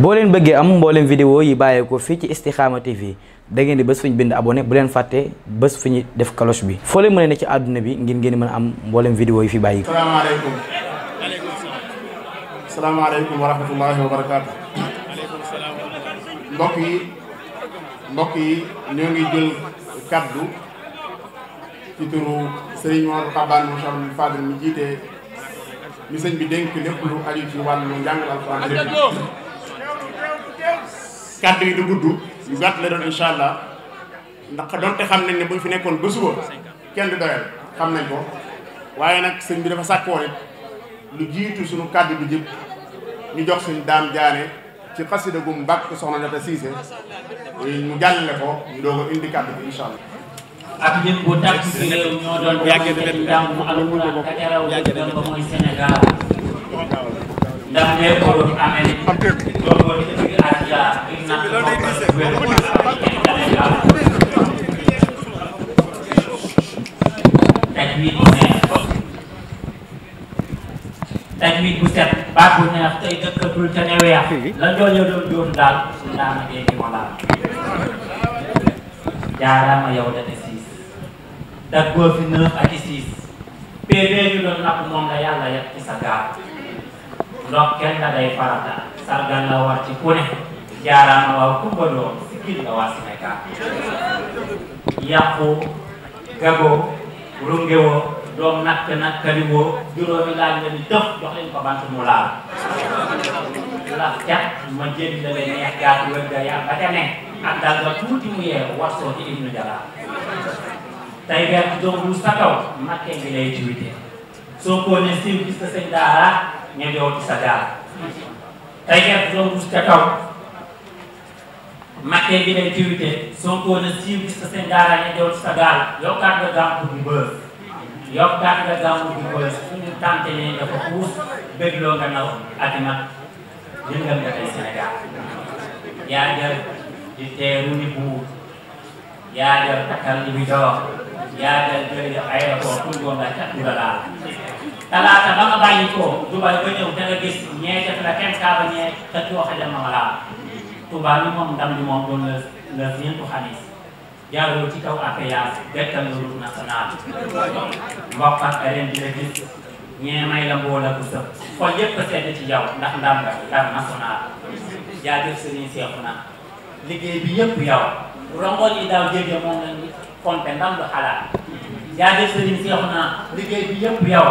boo leen bëggee am mbooleem vidéo yi bàyyeekoo fii ci Istikhama TV da ngeen di bés fu ñu bind abonné bu leen fàtte bés fu ñu def cloche bi foo leen mën a ci àdduna bi ngir ngeen mën a am mbooleem vidéo yi fi bàyyi ko. salaamaaleykum. mbokk yi mbokk yi ñoo ngi jël kaddu ci turu Serigne Mor Xabaan mu Cheikh Fadil mi jiite mi sëñ bi dénk lépp lu aju ci wàllu njàng alxuraan kàddu yi du gudd yu gàtt la doon incha allah ndax donte xam nañ ne buñ fi nekkoon ba suba kenn du doyal xam nañ ko waaye nag sëñ bi dafa sàkkoon it lu jiitu suñu kàddu bi jëpp ñu jox suñu daam jaane ci xasida gu mbàkk soxna Ndata Siise mu jàllale ko ñu doog ko indi kàddu bi incha allah. ndax lépp loolu ñu amee ni loolu moo di indi ànd yaa indi naa ko tajwid bu set baat bu neex tey dëkkatul te ne weex la joojo doon doon daal daana dee di ma laal jaaraama yow da ne siis daggoo fi neuf ak i siis PV ñu doon napp moom la yàlla yàq ci sa gaar ndokkel nga day farata sargal la war ci ku ne jaaraama waaw kumba doom sikkil nga waa Sénégal yàqu gago rungewoo doom nakk nakkaliwoo juróomi laaj la ni dëf jox leen ko bant mu laal laf cat ma jënd la neex gaatu wër ga yaa ak dal nga tuuti mu yeewu warsoo ci ibnu jalaa tey weer doom lu sa kaw makke ngi lay soo ko ne siiw gis ñemewu ci sa daal tey gerte doon wut ca kaw makkee bi day tiwite soo ko na siiw ci sa seen daara ñemewu ci sa gaal yokkaat nga gàmmu bu bës yokkaat nga gàmmu bu bës suñu tànte ne dafa xuus bégloo nga naw addina yëngal nga tey Sénégal yaa jël di teeru ni buur yaa jël takkal li bi dox yaa jël jël ay rapport pour nga cat du la laal talaata ba nga bàyyi ko Dubaay ba ñëw da nga gis ñee def la kenn kaaba ñee te tuwa xajal ma wala Touba ni moom ndam li moom doon la la ñeentu xamis jaaroo ci kaw APEAS dekkal la route nationale mbokk ak ren di la gis ñee may la mboola bu sëb kon yëpp a sedd ci yow ndax ndam la ndam national jaajëf suñuy seexu na liggéey bi yëpp yow rongoñ yi daaw jóge moom lañu compte ndam lu xalaat jaajëf suñuy seexu na liggéey bi yëpp yow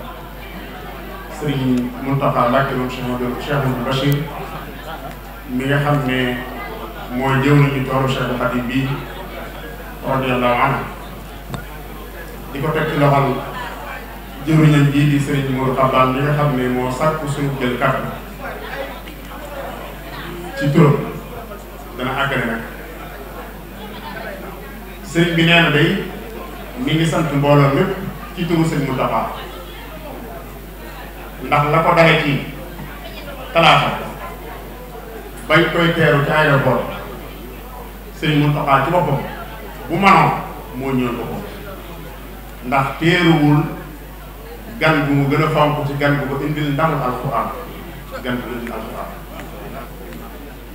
sëriñ Mountakha Mbacké moom Cheikh Abdou Cheikh Abdou Bachir mi nga xam ne moo jëw nañu tooru Cheikh Khadim bi radiyallahu anhu di ko teg ci loxol jëwriñam ji di sëriñ Mourou Xabaan mi nga xam ne moo sàkku suñu jël kàddu ci turam dana àggale nag sëriñ bi nee na day mi ngi sant mbooloo mépp ci turu sëriñ Mountakha ndax la ko dale ci talaata bañ koy teeru ci aéroport sëñ Mountakha ci boppam bu manoon moo ñëw boppam ndax teeruwul gan bu mu gën a fonk ci gan bu ko indil ndax alxuraan gan bu indil alxuraan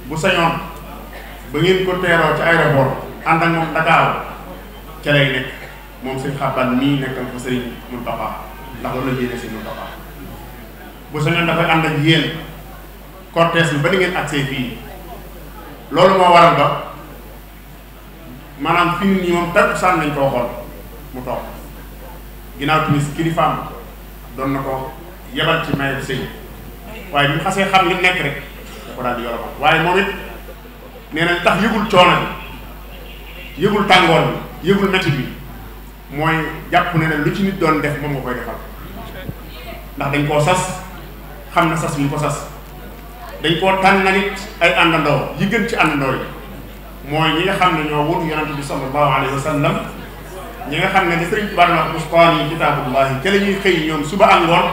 bu sañoon ba ngeen ko teeroo ci aéroport ànd ak moom Dakar ca lay nekk moom sëñ xaban nii nekkal fa sëriñ Mountakha ndax loolu la jéene sëñ Mountakha bu soñoon dafay ànd ak yéen cortège bi ba ni ngeen accès fii loolu moo war a ba maanaam fi nii moom takkusaan lañ ko waxoon mu toog ginnaaw timis kilifaam doon na ko yebal ci maye sëñ waaye bi mu xasee xam li nekk rek da ko daal di yoromal waaye moom it nee na tax yëgul coono bi yëgul tàngoor bi yëgul métti bi mooy jàpp ne ne lu ci nit doon def moom nga koy defal ndax dañ koo sas xam na sas mu ko sas dañ koo tànn na nit ay àndandoo yi gën ci àndandoo yi mooy ñi nga xam ne ñoo wut yonante bi sallallahu alayhi wa ñi nga xam ne li sëriñ Tuubaa wax ustaan yi kitaabullahi ca la ñuy xëy ñoom suba ak ngoon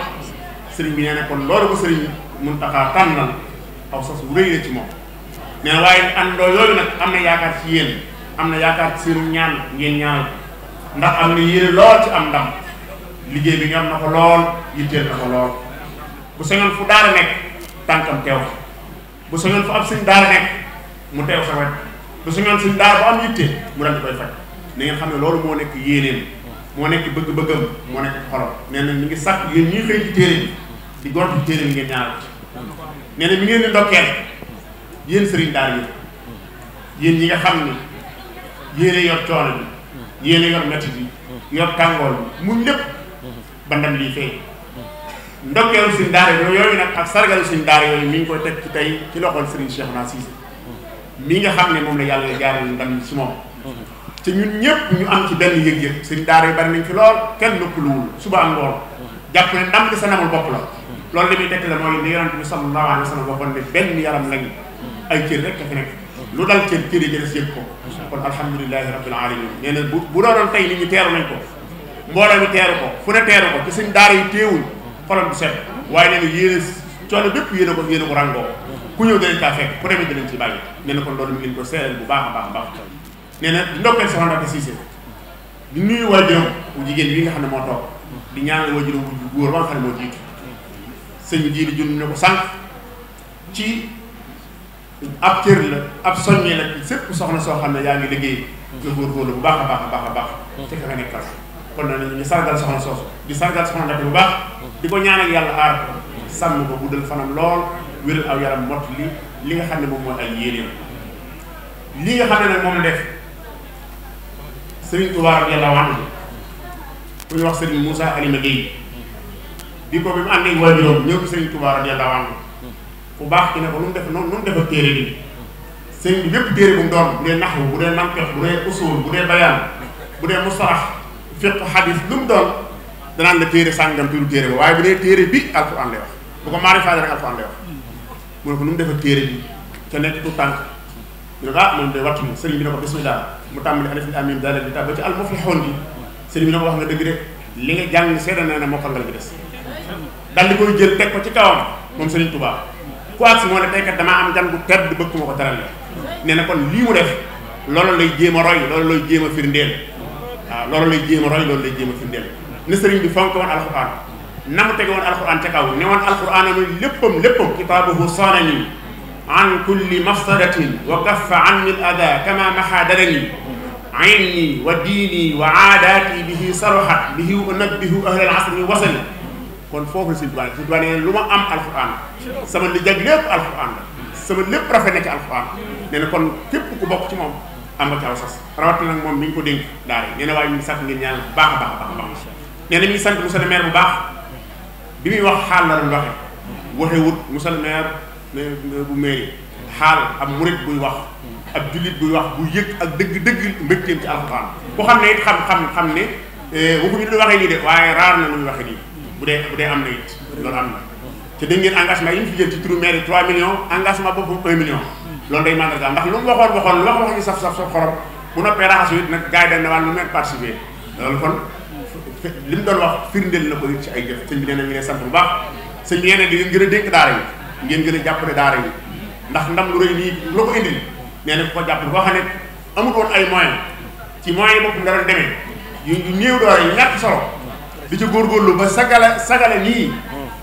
sëriñ bi nee na kon loolu ko sëriñ Muntaxa tànnal ci moom nee na am na yaakaar ci yéen am na yaakaar ci seenu ñaan ngeen ñaanal ndax am na yéene lool ci am ndam liggéey bi nga am na ko lool yitteel na ko lool bu sañoon fu daara nekk tànkam teew fa bu sañoon fu am suñ daara nekk mu teew sa wet bu sañoon suñ daara bu am yitte mu dal koy faj na ngeen xam ne loolu moo nekk yéeneen moo nekk bëgg-bëggam moo nekk xolam nee na mi ngi sàkk yéen ñuy xëy ci téere bi di gortu ci mi ngeen di ndokkeel yéen sëriñ daara yi yéen ñi nga xam ne yéene yor coono bi yéene yor métti yor tàngoor bi muñ lépp lii feeñ ndokkeelu suñ daara yooyu nag ak sargal suñ daara yooyu mi ngi koy teg ci tey ci loxol Serigne Cheikh Naa Cissé mi nga xam ne moom la yàlla jaaral ndam si moom te ñun ñëpp ñu am ci benn yëg-yëg si daara yi bari nañ fi lool kenn noppaluwul suba ak ngoon jàpp ne ndam li sa namul bopp loolu li muy tekk la mooy li yonent bi sallallahu alayhi wa sallam waxoon ne benn yaram lañu ay cër rek a fi nekk lu dal cër cër yi jëles yëg ko kon alhamdulilahi rabbil alamin nee na bu bu doonoon tey nit ñi teeru nañ ko mbooloo mi teeru ko fu ne ko ci daara yi téewuñ xolam bu set waaye nee na yéen a coono bépp yéen a ko yéen a ko ràngoo ku ñëw danañ kaa fekk ku demee danañ ci bàyyi nee na ko seeral bu a baax a baax nee na ndokkeel soxna Mbacke Cissé di nuyu waajuram bu bi nga xam ne moo toog di ñaanal waajuram bu góor ba nga xam moo jiitu sëñ jiiri jun ne ko sànq ci ab cër la ab soññee la sépp soxna soo xam ne yaa ngi liggéey nga góorgóorlu bu baax a baax a baax a baax te ka nga nekkal kon na ñu sargal soxna soosu di sargal soxna Mbacke bu baax di ko ñaanal yàlla aar ko sàmm ko fanam lool wéral aw yaram mott li li nga xam ne moom mooy ay yéeneem li nga xam ne nag moom def Serigne Touba radiyallahu anhu ku ñu wax Serigne Moussa Alima Gueye bi ko bi mu ànd ak waajuram ñëw Serigne Touba radiyallahu anhu ku baax ki ne ko lu mu def noonu lu mu defa téere bi sëriñ bi bépp téere bu mu doon bu dee naxwu bu dee mantiq bu dee usul bu dee bayaan bu dee mustalax fiq xadis lu mu doon danaan la téere sàngam tudd téere ba waaye bu dee téere bi alxuraan lay wax bu ko maarifaat rek alxuraan lay wax mu ne ko nu mu defee téere bi ca nekk tout tànk ñu ne ko ah moom day wattu na sëriñ bi ne ko bismillah mu tàmbali alif lam mim daal di tab ba ci al muflixoon bi sëriñ bi ne ko wax nga dëgg de li nga jàng seede na ne mokkal nga li des dal di koy jël teg ko ci kawam moom sëriñ Tuubaa ku agsi moo ne tey damaa am gan bu tedd bëgg ma ko teral la nee na kon lii mu def loolu lay jéem a roy loolu lay jéem a firndeel waaw loolu lay jéem a roy loolu lay jéem a firndeel ne sëriñ bi fonk woon alxuraan na mu tege woon alxuraan ca kaw ne woon alxuraan amul léppam léppam kitaabuhu saanani an kulli mafsadatin wa kaffa anni l ada kama mahadarani ayni wa diini wa aadaati bihi saroxat bihi unabbihu ahlal asri wasali kon foofu la Sëriñ Tuubaa Sëriñ Tuubaa nee lu ma am alxuraan la sama li jag lépp alxuraan la sama lépp rafet na ci alxuraan nee na kon képp ku bokk ci moom am nga ci aw sas rawatina nag moom mi ngi ko dénk daara nee na waaye ñu sàkk ngeen ñaan baax a baax a baax nee na mi sant monsieur le bu baax bi muy wax xaal la doon mu waxe wut monsieur bu mairie xaal ab murit buy wax ak jullit buy wax bu yëg ak dëgg-dëgg mbégteem ci alxuraan ku xam ne it xam xam xam ne waxuñu lu waxee nii de waaye raar na lu ñu yi bu dee bu dee am na it loolu am na te dégg ngeen engagement yi ñu fi jël ci turu maire 3 millions engagement boobu 1 million loolu day mandargaal ndax lu mu waxoon waxoon lu wax wax ñu saf saf yi dañ ne waan lu mel participé loolu li mu doon wax firndeel na ko it ci ay jëf sëñ bi nee na ngi ne sant bu baax sëñ bi nee na ngeen gën a dénk daara yi ngeen gën a jàppale daara yi ndax ndam lu rëy nii lu ko indil nee na ko jàppale boo xam ne amul woon ay moyen ci moyen yi boppam dara demee yu néew doole yu ñàkk solo di ci góorgóorlu ba sagale sagale nii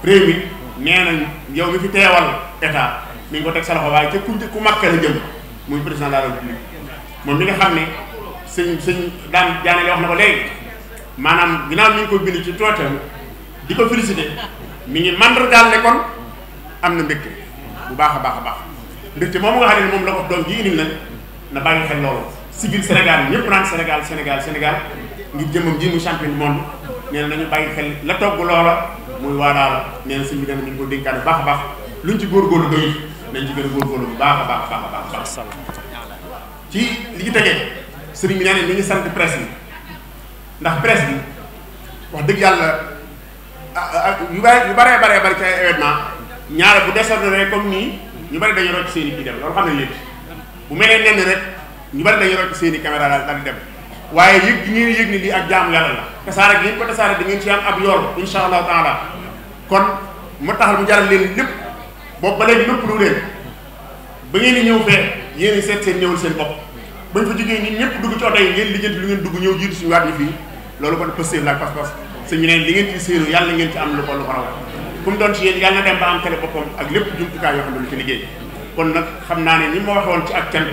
réew mi nee na yow mi fi teewal état mi ngi ko teg sa loxo waaye ca ku ku màkk la jëm muy président de la république moom mi nga xam ne sëñ sëñ daan jaane wax na ko léegi maanaam ginnaaw mi ngi ko bind ci tooteem di ko félicité mi ngi mandargaal ne kon am na mbégte bu baax a baax baax mbégte moom nga moom la ko doom ji indil nag na bàyyi xel loolu civil ñëpp naan Sénégal Sénégal Sénégal ngir jëmmam ji mu champion du monde nee la togg loola muy waa daal nee na sëñ bi mi ko dénkaan bu baax a baax luñ ci góorgóorlu doy ci gën a góorgóorlu bu baax a baax a baax a ci li ñu tegee sëriñ bi nee na mi ngi sant presse yi ndax presse bi wax dëgg yàlla ah, ah, ah, yu bare yu baree baree bari ci ay événement ñaare bu désordonné comme nii ñu bari dañu rocc seen i kii dem loolu xam nañ léegi bu mel nee nenn rek ñu bari dañu rocc seen i caméra daal daal di dem waaye yëg gi ngeen yëg ni lii ak jaamu yàlla la tasaare gi ko tasaare bi ngeen ci am ab yool insha allahu taala kon mu taxal mu jaral leen lépp boobu ba léegi lépp lu leen ba ngeen ñëw fee yéen seet seen ñëwal seen bopp bañ fa jógee ñun ñëpp dugg ci oto yi ngeen lijjanti lu ngeen ñëw jiitu suñu waat ñu fii loolu kon positif la ak pas-pas suñu ne li ngeen ci séenu yàlla ngeen ci am lu ko lu ko raw ku mu doon ci yéen na dem ba am télé boppam ak lépp jumtukaay yoo xam ne lu naa ne ni ma waxoon ci ak cant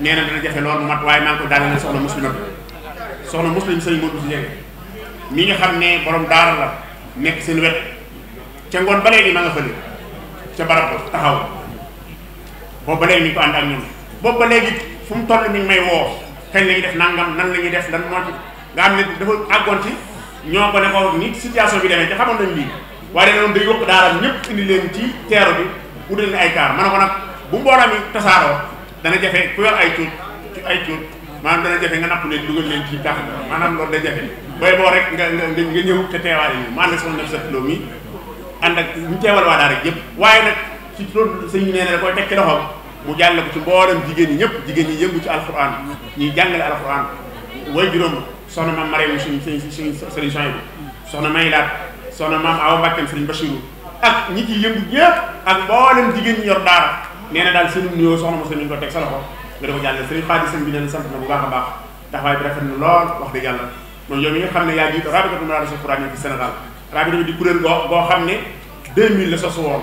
nee na dana jafe loolu mat waaye maa ngi ko daaneel soxna muslim soxna muslim sëñ Modou Dieng mi nga xam ne borom daara la nekk seen wet ca ngoon ba léegi ma nga fële ca barab ko taxaw boobu ba léegi ni ko ànd ak ñun boobu ba léegi fu mu toll mi ngi may woo kañ la ñuy def nangam nan la ñuy def lan moo ci nga xam ne dafa àggoon ci ñoo ko ne ko nit situation bi demee te xamoon nañ lii waaye dana doon day yokk daara ñëpp indi leen ci teeru bi utal leen ay kaar ma ne ko nag bu mbooloo mi tasaaroo dana jafe ku yor ay cuut ci ay cuut maanaam dana jafe nga napp leen dugal leen ci tax maanaam loolu day jafe booy boo rek nga nga te teewaale ma ànd ak sama neuf sept kilo mi ànd ak ñu teewal waa daara yëpp waaye nag ci loolu sëñ bi nee na da koy tekki loxoom mu jàll ko ci mboolem jigéen ñi ñëpp jigéen ñi yëngu ci alquran ñuy jàngale alquran way juróom soxna maam Mariam suñ suñ suñ sëriñ bi soxna May Laat soxna maam Awa Mbakke sëriñ Bachirou ak ñi ci yëngu yëpp ak mboolem jigéen ñi yor daara nee na daal seenum nuyoo soxna mos nañu ko teg sa loxo nga di ko jàllale sëriñ Fadi sëñ bi neen sant na bu baax a baax taxawaay bi rafet na lool wax dëgg yàlla mooy yow mi nga xam yaa jiite rabitatu madaarisi quraani ci Sénégal rabitatu di kuréel goo goo xam ne 2000 la sosu woon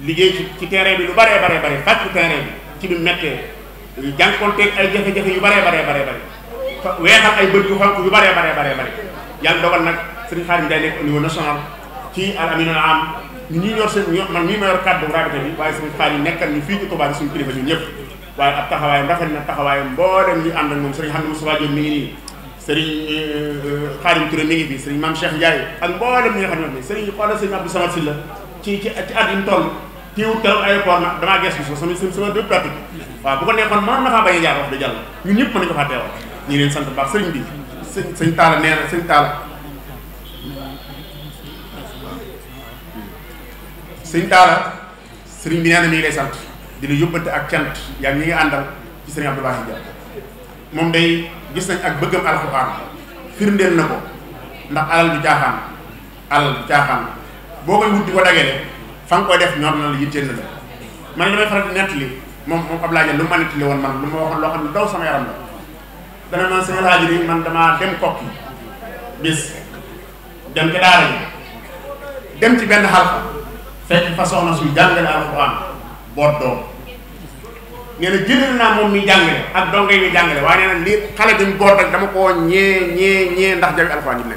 liggéey ci ci terrain bi lu baree baree bare fàcc terrain bi ci bi mettee jànkonteeg ay jafe-jafe yu baree baree baree bare weexal ay bët yu xonk yu baree baree baree bare yàlla dogal nag sëriñ Xaadim day nekk au niveau national ci al aminul am ñu ñuy yor seen man mii ma yor kàddu rabita bi waaye sëriñ Xaadim nekkal ñu fii ci Touba suñu kilifa ñun ñëpp waaye ab taxawaayam rafet na taxawaayam mboolem ñu ànd moom sëriñ xam ne Moustapha Diop mi ngi nii sëriñ Xaadim euh, Touré mi ngi ak mboolem ñi nga xam ne sëriñ xoolal sëriñ Abdou Samad Sylla la ci ci at yi mu toll tiiwut na damaa gees bi sama sama sama deux pratique waaw bu ko neexoon mën na faa bañ a jaar wax dëgg yàlla ñun ñëpp mën nañu ko faa teewal ñu leen sant baax sëñ bi sëñ sëñ Talla nee na sëñ Talla sëñ sëriñ bi nee na mi ngi lay sant di yóbbante ak cant yaa ngi ñi àndal ci sëriñ Abdoulaye Dia moom day gis nañ ak bëggam alxuraan firndeel na ko ndax alal du caaxaan alal du caaxaan boo koy wut di ko dagale fa nga koy def ñor na la yitteel na la man damay faral di nettali moom moom Abdoulaye Dia lu ma nettali woon man lu ma waxoon loo xam ne daw sama yaram la dana man seen rajo bi man damaa dem kokki bis dem ci dem ci benn xalqa fekk fa soxna suy jàngale alxuraan boot doom nee na naa moom mi jàngale ak dongo yi mi jàngale waaye nee lii xale bi mu boot rek dama koo ñee ñee ñee ndax jawi alxuraan yi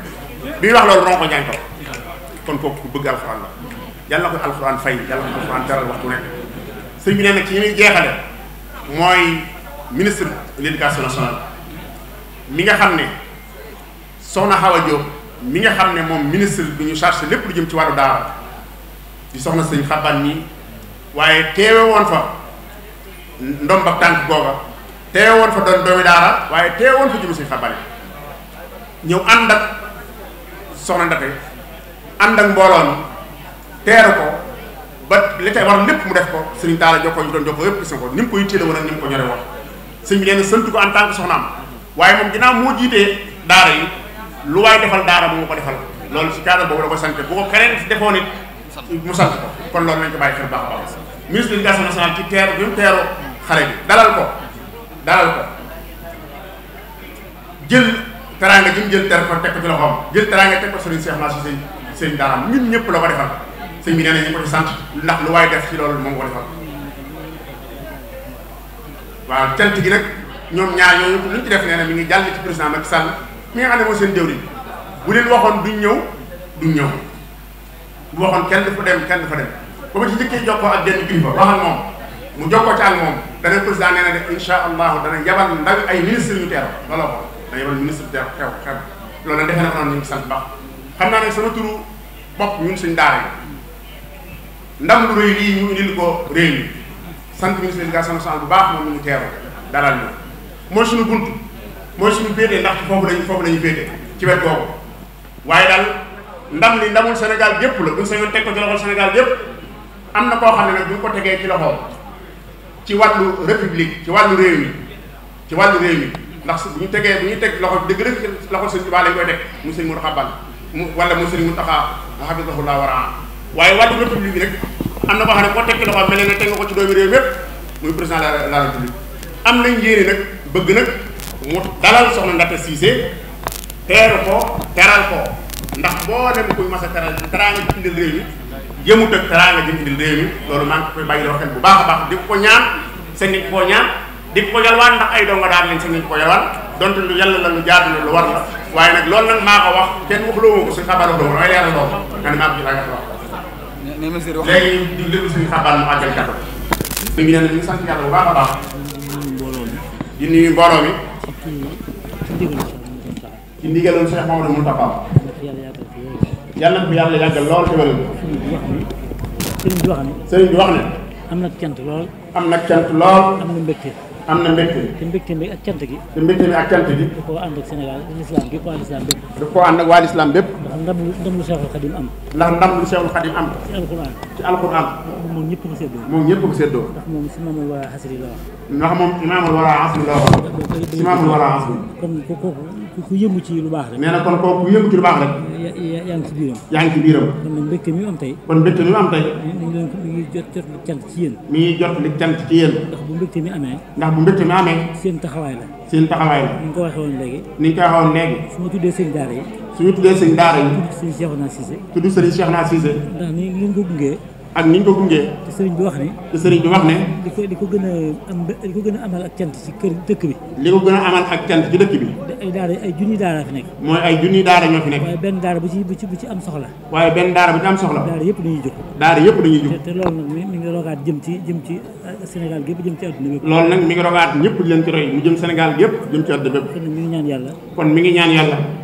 bi wax loolu ronko ñaan ko kon kooku ku bëgg alxuraan la yàlla na ko alxuraan fay yàlla na ko alxuraan teral waxtu nekk sëñ bi nee na ci ñi muy jeexale mooy ministre de l'éducation mi nga xam ne soxna Awa Diop mi nga xam ne moom ministre bi ñu chargé lépp lu jëm ci wàllu daara di soxna sëñ xaban nii waaye teewe woon fa ndom ba tànk googa teewe woon fa doon doomi daara waaye teewe woon fa jëm sëñ xaban yi ñëw ànd ak soxna Ndate ànd ak mbooloo mi teeru ko ba li tey war lépp mu def ko sëriñ Taala jokkoo ñu doon jokkoo yëpp gis nga ko ni ko yittee la woon ak ni mu ko ñore wax bi nee na ko en tant que waaye moom ginnaaw moo jiitee daara yi lu waay defal daara moo ko defal loolu si cadre boobu la ko sant bu ko keneen si defoon it mu sant ko kon loolu nañ ko bàyyi xel baax a baax ministre de l'éducation nationale ci teeru bi mu teeroo xale bi ko dalal jël teraanga ji mu jël ter ko teg ko ci loxoom jël teraanga teg ko sëriñ ñëpp la ko defal sëñ bi nee nañ ko ci sant ndax lu waay def ci loolu moom ko defal waaw cant gi nag ñoom ñaar yooyu lu ñu ci def nee mi ngi jàll ci président Macky Sall mi nga xam ne mooy seen jëwriñ bu leen waxoon duñ ñëw duñ ñëw bu waxoon kenn dafa dem kenn dem ba ma ci njëkkee jokkoo ak jenn kilifa waxal moom mu jokkoo ci ak moom dana président nee na de incha allahu dana yabal ndaw ay ministre yu teew looloo ko dana yabal ministre teew loolu nag defe naa ñu ngi sant baax xam naa ne sama turu bopp ñun suñ daara yi ndam lu rëy lii ñu indil ko réew mi sant ministre éducation nationale bu baax moom mu ngi mooy suñu bunt mooy suñu féete ndax foofu lañ foofu lañu féete ci wet googu waaye daal ndam li ndamul Sénégal yépp la buñ sañoon teg ko ci loxol na koo xam ne nag bu ñu ko tegee ci loxoom ci wàllu république ci wàllu réew mi ci wàllu réew ndax bu ñu tegee bu ñu teg loxo dëgg rek loxo sëñ Tuubaa lañ koy teg mu sëñ Mountakha Bal mu wala mu sëñ Mountakha hafizahullah wa waaye wàllu république bi rek na koo xam ne boo teg ci loxoom mel ne teg nga ko ci doomi réew mépp muy président de la république am nañ yéene nag bëgg nag mu dalal soxna Ndata Cissé teeru ko teral ko ndax boo dem kuy mas a teral teraanga ji indil réew mi yëmut ak teraanga ji indil réew mi loolu maa ngi koy bàyyi loo xel bu baax a baax di ko ñaan sañ nañ koo ñaan di ko yalwaan ndax ay donga daan lañ sañ nañ ko yalwaan donte lu yàlla la lu jaadu la lu war la waaye nag loolu nag maa ko wax kenn waxuloo ma ko suñu xabaar doomu ko jëlaat wax. léegi mu sant yàlla bu baax baax. di nuyu mbooloo mi. ci ndigalal Cheikh Mamadou Moustapha. yàlla na ko yàlla yàggal lool te wéral. sëriñ bi wax ne. sëriñ bi wax ne. am na cant lool. am na cant lool. am na mbégte. am na mbégte. te mbégte mi ak cant gi. te mbégte mi ak cant gi. da koo ànd ak Sénégal l'islam gi waa l'islam bépp. da koo ànd ak waa l'islam bépp. ndax ndam lu ndam lu Cheikhul Khadim am. ndax ndam lu Cheikhul Khadim am. ci alxuraan. ci alxuraan. moom ñëpp ko séddoo. moom ñëpp ko séddoo. ndax moom si maamul wala asri la wax. ndax moom imaamul wala asri la wax. si maamul wala asri. kon kooku. ku yëngu ci lu baax rek. nee na kon kooku ku yëngu ci lu baax rek. yaa ngi ci biiram. yaa ngi ci biiram. kon nag mbégte mi am mi ngi mi ngi jot jot li cant ci yéen. mi ngi jot li cant ci yéen. ndax bu mbégte mi amee. ndax bu mbégte mi amee. seen taxawaay la. seen taxawaay la. ni nga ko waxee woon léegi. ni nga ko waxee woon léegi. su ma tuddee seen daara yi. su ñu tuddee seen daara yi. tudd sëriñ Cheikhouna Cissé. tudd sëriñ Cheikhouna Cissé. ndax ni ngeen ko gungee. ak ni ñu ko gungee. te sëriñ bi wax ne. te sëriñ bi wax ne. li ko li ko gën a am li ko gën a amal ak cant ci kër dëkk bi. li ko gën a amal ak cant ci dëkk bi. ay daara ay junni daara fi nekk. mooy ay junni daara ñoo fi nekk. waaye benn daara bu ci bu ci am soxla. waaye benn daara bu ci am soxla. daara yëpp dañuy jóg. daara yëpp dañuy jóg. te loolu nag mi ngi rogaat jëm ci jëm ci Sénégal gépp jëm ci àdduna bi. loolu nag mi ngi rogaat ñëpp di leen ci roy mu jëm Sénégal gépp jëm ci àdduna bépp. kon mi ngi ñaan yàlla. kon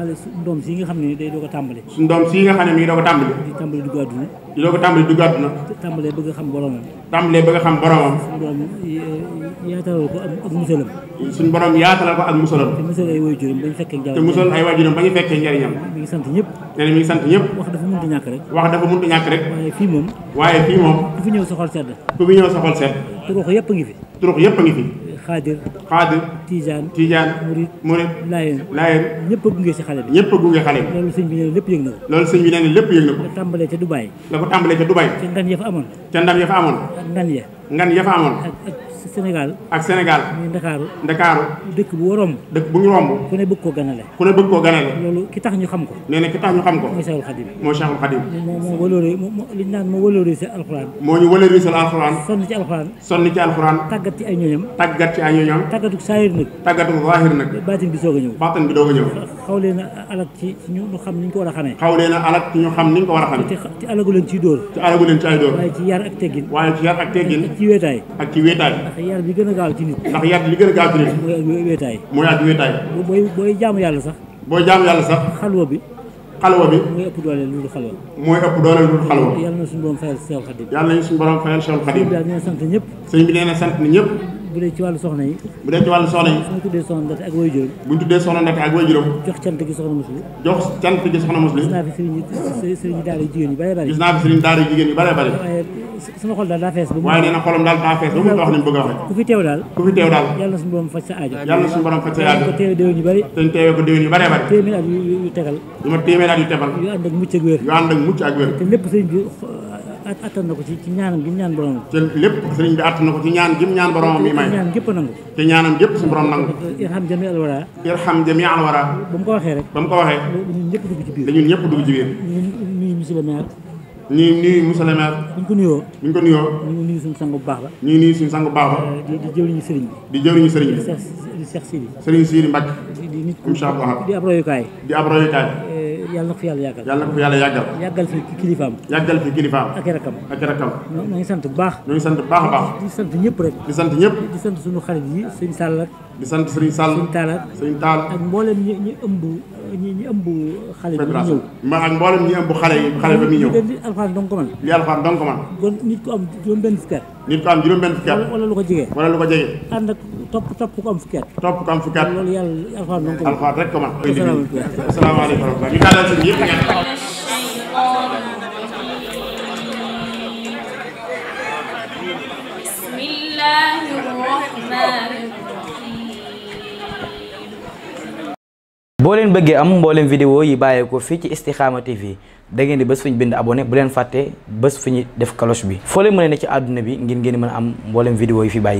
xale su ndoom si nga xam ne day doog a tàmbali su ndoom si nga xam ne mi ngi doog a tàmbali di tàmbali dugg àdduna di doog a tàmbali dugg àdduna tàmbalee bëgg a xam boromam tàmbalee bëgg a xam boromam eh, suñu borom yaatalal ko ak musalam te musal ay waajuram ba ñu fekkee njariñam te musal ay waajuram ba ñu fekkee njariñam mi ngi sant ñëpp nee na mi ngi sant ñëpp wax dafa mënut a ñàkk rek wax dafa mënut a ñàkk rek waaye fii moom waaye fii moom ku fi ñëw sa xol sedd ku fi ñëw sa xol sedd turux yëpp a a ngi fi xaadir xaadir tiijaan tiijaan murit murit laayeen laayeen ñëpp a gunge si xale bi ñëpp a gunge xale bi loolu sëñ bi nee na lépp yëg na ko loolu sëñ bi nee lépp yëg na ko la tàmbalee ca Dubaay la ko tàmbalee ca Dubaay ca ngan ya fa amoon ca ndam ya fa amoon ngan ya ngan ya fa amoon Sénégal ak Sénégal muy Ndakaaru Ndakaaru dëkk bu romb dëkk bu ñu romb ku ne bëgg koo ganale ku ne bëgg koo ganale loolu ki tax ñu xam ko nee na ki tax ñu xam ko mooy Cheikhul Khadim mooy Cheikhul Khadim moo moo waloori li ñu naan moo valorisé alxuraan moo ñu valorisé alxuraan sonn ci alxuraan sonn ci alxuraan tàggat ci ay ñooñam tàggat ci ay ñooñam tàggatu saahir nag tàggatu saahir nag baatin bi soog a ñëw baatin bi doog a ñëw xaw leen a alak ci ñu xam ni ñu ko war a xamee xaw leen a alak ci ñu xam ni ñu ko war a xamee ci alagu leen ciy dóor ci alagu leen ci ay dóor waaye ci yar ak teggin waaye ci yar ak teggin ak ci wéetaay ak ci wéetaay ndax yar bi gën a gaaw ci nit ndax yar bi gën a gaaw ci nit mooy wéetaay mooy ak wéetaay booy booy jaamu yàlla sax booy jaamu yàlla sax xalwa bi xalwa bi mooy yàlla na suñu borom fayal Seexul Xadim yàlla na suñu borom fayal Seexul Xadim daal nee na sant ñëpp sëñ bi nee sant na ñëpp bu dee ci wàllu soxna yi bu dee ci wàllu soxna yi suñu tuddee soxna ndate ak way juróom buñu tuddee soxna ndate ak way jox cant gi soxna muslim jox cant gi soxna muslim gis naa sama xol daal daa fees waaye nee na xolam daal daa fees ba mu wax ni mu bëgg a waxee ku fi teew daal ku fi teew daal yàlla suñu borom faj sa aajo yàlla suñu borom faj sa aajo ko teewee déwén yu bëri te ñu teewee ko déwén yu bëree bëri téeméer at yu tegal yu ma téeméer at yu tegal yu ànd ak mucc ak wér yu ànd ak mucc ak wér te lépp sëriñ bi uh, attan na ko ci ci ñaanam gi mu ñaan borom te lépp sëriñ bi attan na ko ci ñaan gi mu ñaan borom mi may ñaan gépp nangu te ñaanam gépp suñu borom nangu irham jami al wara irham jami al wara ba mu ko waxee rek ba mu ko waxee dañun ñëpp dugg ci biir dañun ñëpp dugg ci biir ñuy nuyu monsieur le maire. ñu ko nuyoo. bu ñu ko nuyoo. ñu ngi suñu sang baax ba. ñu ngi nuyu suñu sang bu baax ba. Euh, di di jëwriñu sëriñ bi. di jëwriñu sëriñ bi. di Cheikh Sidi. sëriñ Sidi Mbacke. di nit ku incha allah di ab royukaay. di ab royukaay. Eh, yàlla na ko fi yàlla yàggal yàlla na ko fi yàlla yàggal yàggal fi kilifaam yàggal fi kilifaam ak rakam ak rakam ñoo ngi sant bu baax ñoo ngi sant bu baax a baax di sant ñëpp rek di sant ñëpp di sant suñu xarit yi sëñ Sall ak di sant sëñ Sall sëñ Tall ak sëñ Tall ak mboolem ñi ëmb xale bi ñëw ma ak mboolem ñi ëmb xale yi xale ba muy ñëw li alxuraan dong man li alxuraan dong man kon nit ku am juróom benn fukki at nit ko am juróom-benn fukki at wala lu ko jege wala lu ko jege ànd ak topp topp ko am fukki at topp ko am fukki at loolu yàlla ko alfaat rek ko man leen bëggee am mboolem vidéo yi bàyyeekoo fii ci Istikhama TV da ngeen di bés fi ñu bind abonné bu leen fàttee bés fi ñu def cloche bi foo leen mën ne ci àdduna bi ngir ngeen mën a am mboolem vidéo yi fi bàyyi